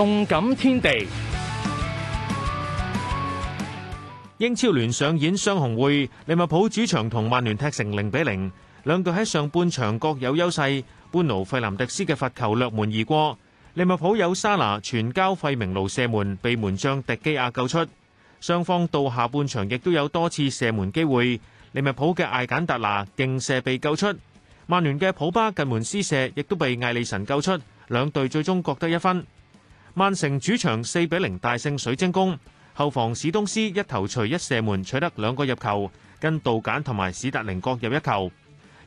動感天地，英超聯上演雙紅會，利物浦主場同曼聯踢成零比零。兩隊喺上半場各有優勢，般奴費蘭迪斯嘅罰球掠門而過。利物浦有沙拿傳交費明奴射門，被門將迪基亞救出。雙方到下半場亦都有多次射門機會，利物浦嘅艾簡達拿勁射被救出，曼聯嘅普巴近門施射亦都被艾利臣救出。兩隊最終各得一分。曼城主場四比零大勝水晶宮，後防史東斯一頭鎚一射門取得兩個入球，跟杜簡同埋史達寧各入一球。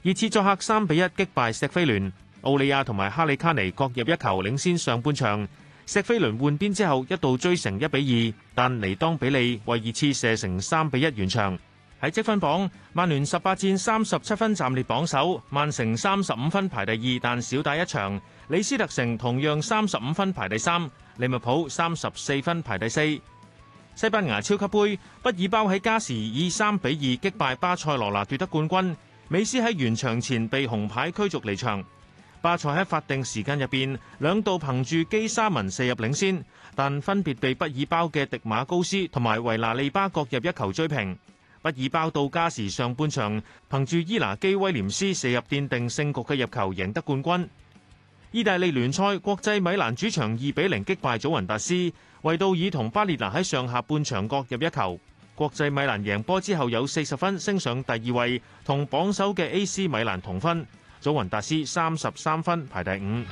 熱刺作客三比一擊敗錫菲聯，奧利亞同埋哈里卡尼各入一球領先上半場。錫菲聯換邊之後一度追成一比二，但尼當比利為熱刺射成三比一完場。喺積分榜，曼聯十八戰三十七分暫列榜首，曼城三十五分排第二，但少打一場。里斯特城同樣三十五分排第三，利物浦三十四分排第四。西班牙超級杯，畢爾包喺加時以三比二擊敗巴塞羅那奪得冠軍。美斯喺完場前被紅牌驅逐離場。巴塞喺法定時間入邊兩度憑住基沙文射入領先，但分別被畢爾包嘅迪馬高斯同埋維納利巴各入一球追平。不意報道，加時上半場憑住伊拿基威廉斯射入奠定勝局嘅入球，贏得冠軍。意大利聯賽，國際米蘭主場二比零擊敗祖雲達斯，維杜爾同巴列拿喺上下半場各入一球。國際米蘭贏波之後有四十分，升上第二位，同榜首嘅 AC 米蘭同分。祖雲達斯三十三分排第五。